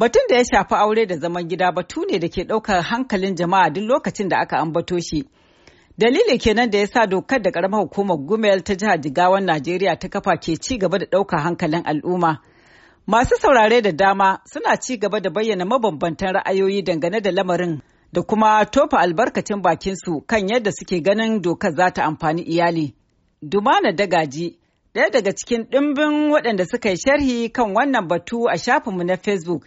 Batun da ya shafi aure da zaman gida batu ne da ke ɗaukar hankalin jama'a duk lokacin da aka ambato shi. Dalili kenan da ya sa dokar da ƙaramar hukumar Gumel ta jihar Jigawan Najeriya ta kafa ke ci gaba da ɗaukar hankalin al'umma. Masu saurare da dama suna ci gaba da bayyana mabambantan ra'ayoyi dangane da lamarin da kuma tofa albarkacin bakinsu kan yadda suke ganin dokar za ta amfani iyali. Dumana Dagaji, ɗaya daga cikin ɗimbin waɗanda suka yi sharhi kan wannan batu a shafinmu na Facebook,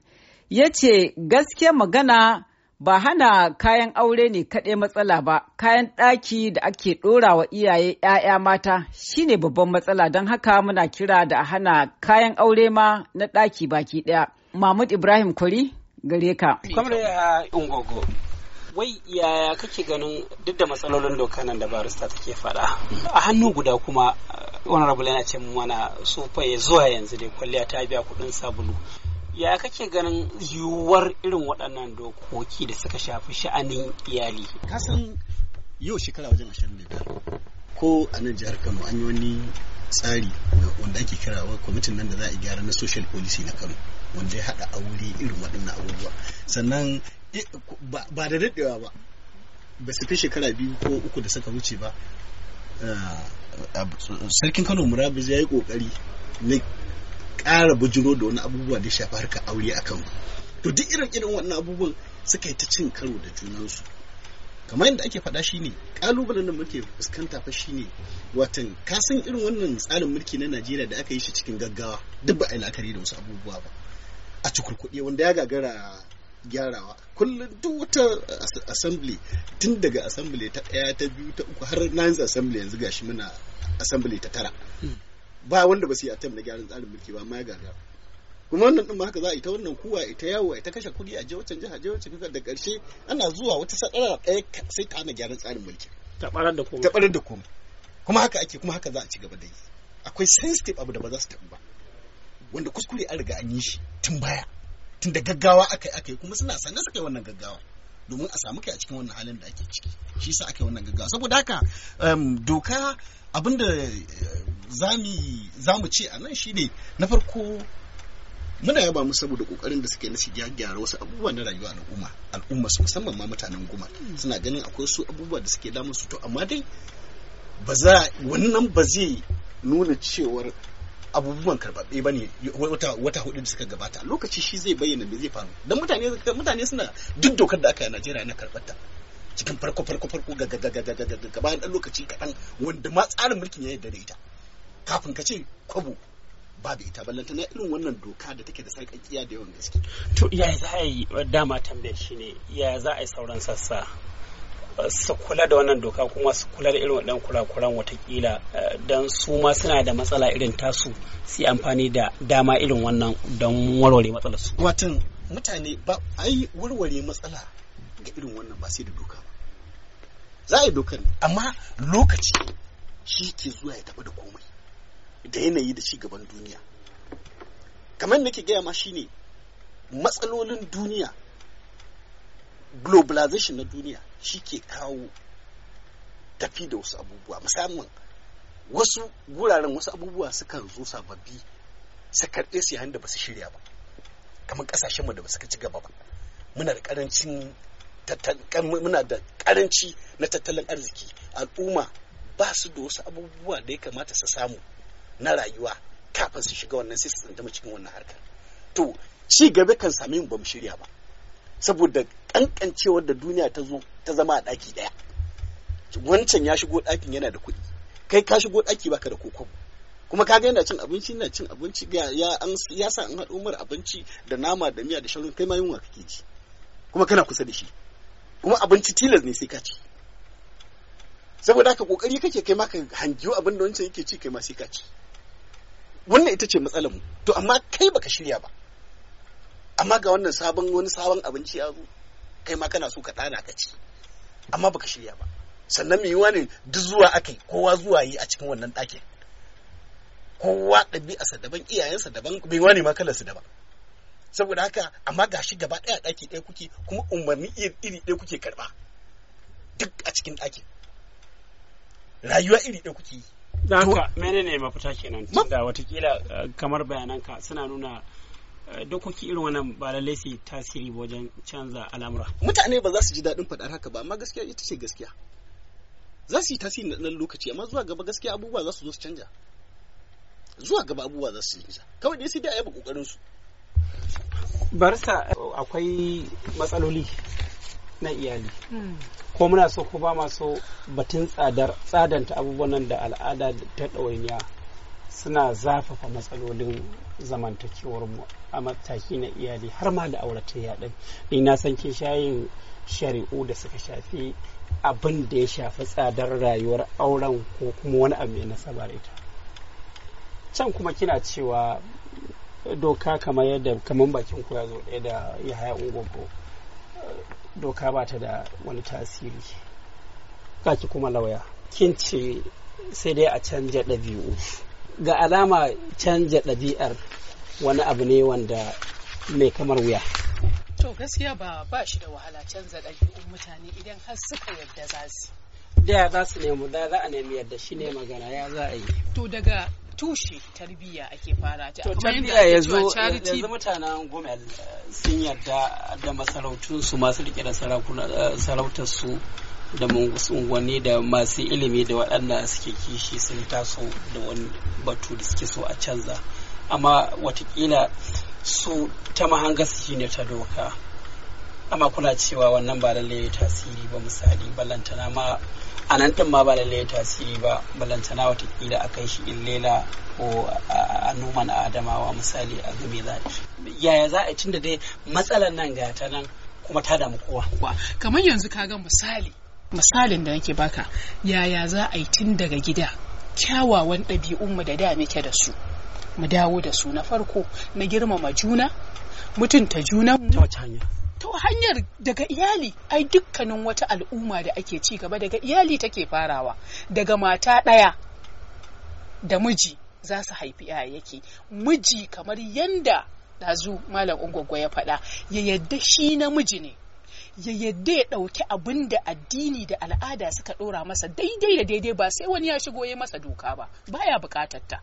ya ce gaskiya magana ba hana kayan aure ne kaɗai matsala ba kayan ɗaki da ake ɗora wa iyaye 'ya'ya mata shine babban matsala don haka muna kira da a hana kayan aure ma na ɗaki baki ɗaya mahmud ibrahim kwari gare ka uh, wai yaya kake ganin duk da matsalolin doka nan da barista take faɗa a hannu guda kuma uh, rabu yana ce mana sufa ya zuwa yanzu dai kwalliya ta biya kuɗin sabulu ya kake ganin yiwuwar irin waɗannan dokoki da suka shafi sha'anin iyali kasan yau shekara wajen ashirin da biyar ko a nan jihar kano an yi wani tsari wanda ake kira wa kwamitin nan da za a gyara na social policy na kano wanda ya haɗa aure irin waɗannan abubuwa sannan eh, ba da daɗewa ba ba su fi shekara biyu ko uku da suka wuce ba eh, sarkin kano murabus ya yi ƙoƙari ƙara bujiro da wani abubuwa da shafa harka aure a kan to duk irin irin wannan abubuwan suka yi ta cin karo da junansu kamar yadda ake faɗa shine ƙalubalen da muke fuskanta fa ne. watan kasan irin wannan tsarin mulki na najeriya da aka yi shi cikin gaggawa duk ba a yi la'akari da wasu abubuwa ba a cikurkuɗe wanda ya gagara gyarawa kullum duk wata assembly tun daga assembly ta ɗaya ta biyu ta uku har nines assembly yanzu gashi muna assembly ta tara hmm. ba wanda ba su yi attempt na gyaran tsarin mulki ba amma ya gagara kuma wannan din haka za a yi ta wannan kuwa ita yawo ita kashe kuɗi a jewacin jiha jewacin kuka da ƙarshe ana zuwa wata sadara ɗaya sai ta hana gyaran tsarin mulki ta ɓarar da komai da komai kuma haka ake kuma haka za a ci gaba da yi akwai sensitive abu da ba za su taɓa ba wanda kuskure an riga an yi shi tun baya tun da gaggawa aka yi aka yi kuma suna sanar suka yi wannan gaggawa domin a samu kai a cikin wannan halin da ake ciki shi sa aka yi wannan gaggawa saboda haka um, doka abinda za mu ce a nan shine na farko muna yaba mu saboda kokarin da suke na su gyara wasu abubuwa na rayuwa al'umma al'umma su musamman ma mutanen goma suna ganin akwai su abubuwa da suke damun su to amma dai ba za wannan ba zai nuna cewar abubuwan karɓaɓɓe ba ne wata wata hudu da suka gabata lokaci shi zai bayyana me zai faru dan mutane mutane suna duk dokar da aka yi a Najeriya na karɓarta cikin farko farko farko ga ga ga ga ga ga bayan dan lokaci kaɗan wanda ma tsarin mulkin ya yarda da ita kafin ka ce kwabo babu ita ballanta na irin wannan doka da take da sarƙaƙiya da yawan gaske to ya za a yi dama tambayar shi ne ya za a yi sauran sassa su kula da wannan doka kuma su kula da irin waɗannan kurakuran watakila eh, don su ma suna da matsala irin tasu su amfani da dama irin wannan don warware matsalar su watan mutane ba a yi warware matsala ga irin wannan ba sai da doka ba za a yi dokar ne amma lokaci shi ke zuwa ya taɓa da komai da yanayi da cigaban duniya kamar nake gaya ma shine matsalolin duniya globalization na duniya shi ke kawo tafi da wasu abubuwa musamman wasu guraren wasu abubuwa sukan zo sababbi su su yayin da ba su shirya ba kamar ƙasashen mu da ba su ci gaba ba muna da ƙarancin muna da ƙaranci na tattalin arziki al'umma ba su da wasu abubuwa da ya kamata su samu na rayuwa kafin su shiga wannan sai su cikin wannan harkar to ci gaba kan same mu bamu shirya ba saboda kankancewar da duniya ta zo ta zama a daki daya wancan ya shigo dakin yana da kuɗi kai ka shigo daki baka da kokon kuma kaga yana cin abinci yana cin abinci ya an ya sa an haɗo mar abinci da nama da miya da sharon kai ma yunwa kake ji kuma kana kusa da shi kuma abinci tilas ne sai ka ci saboda haka kokari kake kai ma ka hangiyo abin da wancan yake ci kai ma sai ka ci wannan ita ce matsalar mu to amma kai baka shirya ba amma ga wannan sabon wani sabon abinci ya zo kai ma kana so ka ɗana ka ci amma baka shirya ba sannan mai yiwuwa ne duk zuwa akai kowa zuwa yi a cikin wannan ɗakin kowa ɗabi'arsa daban iyayensa daban mai yiwuwa ne ma kalarsa daban saboda haka amma gashi gaba ɗaya ɗaki ɗaya kuke kuma umarni iri ɗaya kuke karɓa duk a cikin ɗakin rayuwa iri ɗaya kuke yi da haka menene mafita kenan tunda watakila eh, kamar bayananka suna nuna eh, dokoki irin wannan ba lallai su tasiri wajen canza al'amura mutane ba za su ji daɗin faɗar haka ba amma gaskiya ita ce gaskiya za su yi tasiri na ɗan lokaci amma zuwa gaba gaskiya abubuwa za su zo su canja zuwa gaba abubuwa za su canja kawai dai sai dai a yaba ƙoƙarin su barsa akwai matsaloli na iyali hmm. ko muna so ko ba ma so batun tsadar tsadanta abubuwan da al'ada ta ɗawainiya suna zafafa matsalolin zamantakewar mu a mataki na iyali har ma da auratayya din ni na san ke shayin shari'u da suka shafi abin da ya shafi tsadar rayuwar auren ko kuma wani abu mai nasaba da ita can kuma kina cewa doka kamar yadda kamar bakin ku ya zo ɗaya da ya haya ungogo doka ba ta da wani tasiri kaki kuma lauya kin ce sai dai a canja ɗabi'u ga alama canja ɗabi'ar wani abu ne wanda mai kamar wuya to gaskiya ba ba shi da wahala canza ɗabi'un mutane idan har suka yarda za su da ya za su nemi da za a nemi yadda shi ne magana ya za a yi to daga tushe tarbiyya ake fara ta to tarbiyya ya zo yanzu mutanen gomel eh, sun yarda da masarautunsu masu rike da eh, su da unguwanni da masu ilimi da waɗanda suke kishi sun taso da wani batu da suke so a canza amma watakila su ta mahanga su ne ta doka amma kuna cewa wannan ba lallai tasiri ba misali ballantana ma a nan ɗin ma ba lalle ya tasiri ba balantana watakila a kai shi illela ko a noman adamawa misali a game za yaya za a tunda dai matsalar nan ga ta nan kuma ta damu kowa kamar yanzu ka ga misali misalin da nake baka yaya za a yi tun daga gida kyawawan ɗabi'un mu da da muke da su mu dawo da su na farko na girmama juna mutunta junanmu ta hanya to hanyar daga iyali ai dukkanin wata al'umma da ake ci gaba daga iyali take farawa daga mata ɗaya da miji za su haifi yayyaki miji kamar yanda ɗazu malam ungwaggwa ya faɗa ya yadda shi namiji ne ya yadda ya ɗauki abin da addini da al'ada suka ɗora masa daidai da daidai ba sai wani ya shigo ya masa doka ba baya bukatar ta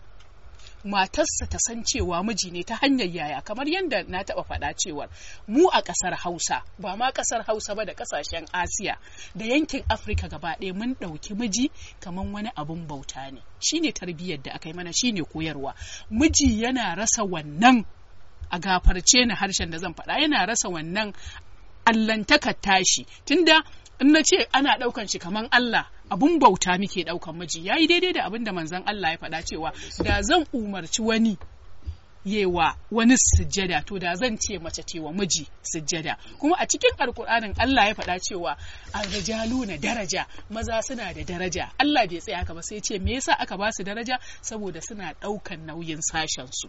matarsa ta san cewa miji ne ta hanyar yaya kamar yadda na taba faɗa cewar mu a ƙasar hausa ba ma ƙasar hausa ba da ƙasashen asiya da yankin afirka gaba ɗaya mun ɗauki miji kamar wani abun bauta ne shine tarbiyyar da aka yi mana shine koyarwa miji yana rasa wannan a gafarce na harshen da zan faɗa yana rasa wannan allantakar tashi tunda in na ce ana ɗaukan shi kamar Allah abun bauta muke daukan miji yayi daidai da abin da manzon Allah ya faɗa cewa da zan umarci wani yewa wani sujjada to da zan ce mace ce wa miji sujjada kuma a cikin alkur'anin Allah ya faɗa cewa arrijalu na daraja maza suna da daraja Allah bai tsaya haka ba sai ce me yasa aka ba su daraja saboda suna ɗaukan nauyin sashen su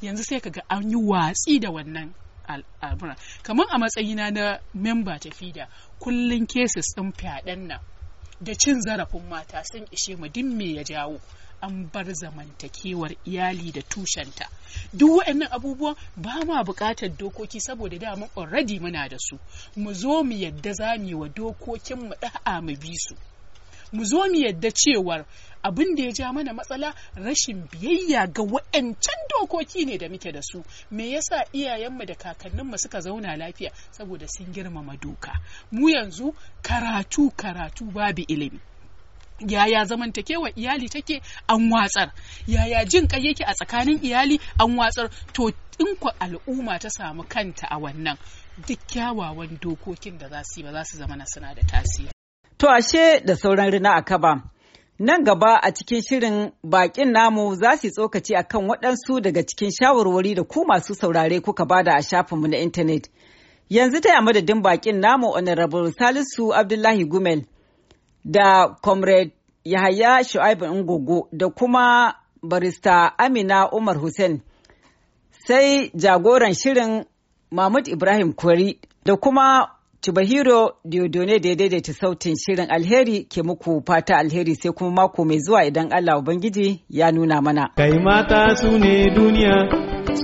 yanzu sai kaga an yi watsi da wannan al'amura kamar a matsayina na memba ta fida kullun cases ɗin fyaɗen nan da cin zarafin mata sun ishe mu duk me ya jawo an bar zamantakewar iyali da tushenta duk waɗannan abubuwan ba ma buƙatar dokoki saboda dama already muna da su mu zo mu yadda za mu wa dokokin mu da'a mu bi su mu zo mu yadda cewar abin da ya ja mana matsala rashin biyayya ga wa'ancan dokoki ne da muke da su me yasa iyayenmu da kakanninmu suka zauna lafiya saboda sun girmama doka mu yanzu karatu karatu babu ilimi yaya zamantakewa iyali take an watsar yaya jin kai yake a tsakanin iyali an watsar to in ku al'umma ta samu kanta a wannan duk kyawawan dokokin da za su yi ba za su zama na suna da tasiri to ashe da sauran rina a kaba Nan gaba a cikin shirin bakin namu za su tsokaci a kan waɗansu daga cikin shawarwari da ku masu saurare kuka bada a shafinmu na intanet. Yanzu ta madadin bakin namu Honorable Salisu Abdullahi Gumel da Comrade Yahaya Shu'aibu Ngogo da kuma barista Amina Umar Hussein sai jagoran shirin Mahmud Ibrahim Kwari da kuma Tubahiro Diodone da ya daidaita sautin shirin alheri ke muku fata alheri sai kuma mako mai zuwa idan Allah Ubangiji ya nuna mana. Kai mata su ne duniya,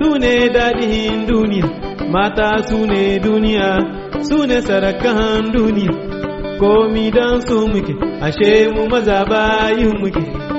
su ne daɗin duniya, mata su ne duniya, su ne sarakan duniya, komi don su muke, ashe mu maza bayin muke.